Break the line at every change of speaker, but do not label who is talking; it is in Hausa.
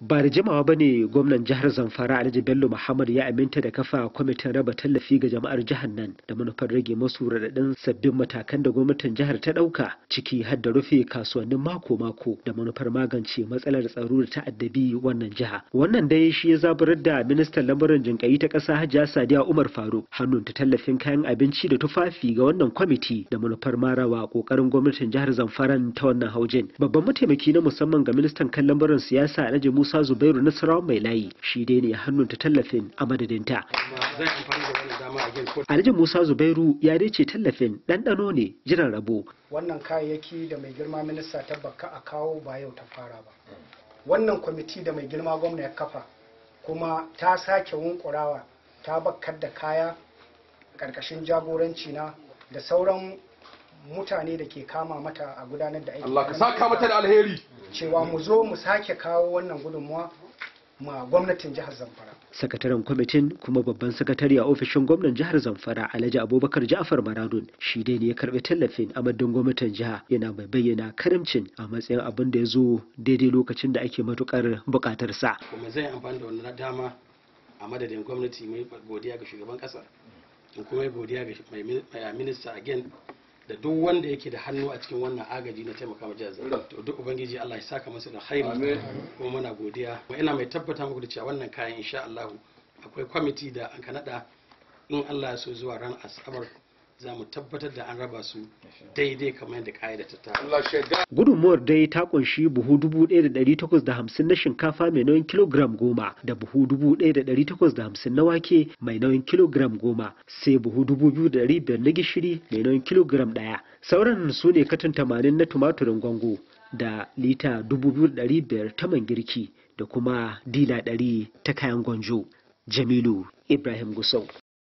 ba da jimawa ba ne gwamnan jihar zamfara alhaji bello muhammad ya aminta da kafa kwamitin raba tallafi ga jama'ar jihar nan da manufar rage masu raɗaɗin sabbin matakan da gwamnatin jihar ta ɗauka ciki har da rufe kasuwannin mako-mako da manufar magance matsalar tsaro da ta'addabi wannan jiha wannan dai shi ya zaburar da ministan lamarin jinkayi ta ƙasa hajiya sadiya umar faruk hannun ta tallafin kayan abinci da tufafi ga wannan kwamiti da manufar marawa ƙoƙarin gwamnatin jihar zamfaran ta wannan haujin babban mataimaki na musamman ga ministan kan siyasa alhaji musa Musa Zubairu Nasarawa mai layi shi dai ne hannun ta tallafin a madadinta. Alhaji Musa Zubairu ya dai ce tallafin ɗanɗano ne jiran rabo.
Wannan kayayyaki da mai girma minista ta baka a kawo ba yau ta fara ba. Wannan kwamiti da mai girma gwamna ya kafa kuma ta sake wunkurawa ta bakkar da kaya ƙarƙashin jagoranci na da sauran mutane da ke kama mata a gudanar da aiki Allah ka cewa mu zo mu sake kawo wannan gudunmuwa ma gwamnatin jihar Zamfara
sakataren kwamitin kuma babban sakatari a ofishin gwamnan jihar Zamfara Alhaji Abubakar Ja'far Maradun shi dai ne ya karbi tallafin a madadin gwamnatin jiha yana mai bayyana karamcin a matsayin abin da ya zo daidai lokacin da ake matukar bukatar sa
kuma zai amfani da wannan dama a madadin gwamnati mai godiya ga shugaban kasa kuma godiya ga mai minista again da duk wanda yake da hannu a cikin wannan agaji na taimaka ma jihar to duk ubangiji Allah ya saka masa da khairi kuma muna godiya kuma ina mai tabbata muku da cewa wannan kayan insha Allah akwai kwamiti da an kanada in Allah ya so zuwa ran asabar za mu tabbatar da an raba su daidai kamar yadda ka'ida ta ta.
Gudunmuwar dai ta kunshi buhu 1,850 na shinkafa mai nauyin kilogram goma da buhu 1,850 na wake mai nauyin kilogram goma sai buhu 2,500 na gishiri mai nauyin kilogram daya Sauran su ne katin tamanin na tumaturin gwango da lita 2,500 ta man girki da kuma dila 100 ta kayan gwanjo. Jamilu Ibrahim Gusau.